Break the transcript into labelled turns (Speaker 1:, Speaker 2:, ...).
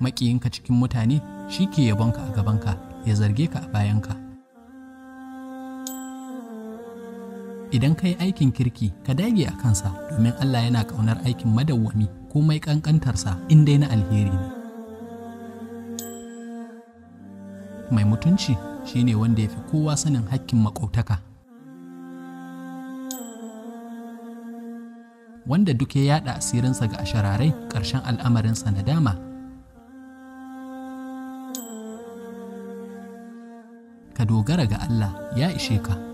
Speaker 1: maƙiyinka cikin mutane shi ke yabonka a gabanka ya zarge ka a bayanka idan ka yi aikin kirki ka dage a kansa domin allah yana ƙaunar aikin madawwami komai ƙanƙantarsa in dai na alheri ne mai mutunci shi ne wanda ya fi kowa sanin hakkin maƙautaka wanda duk ya yada asirinsa ga shararai ƙarshen al'amarinsa na dama
Speaker 2: ka dogara ga Allah ya ishe ka.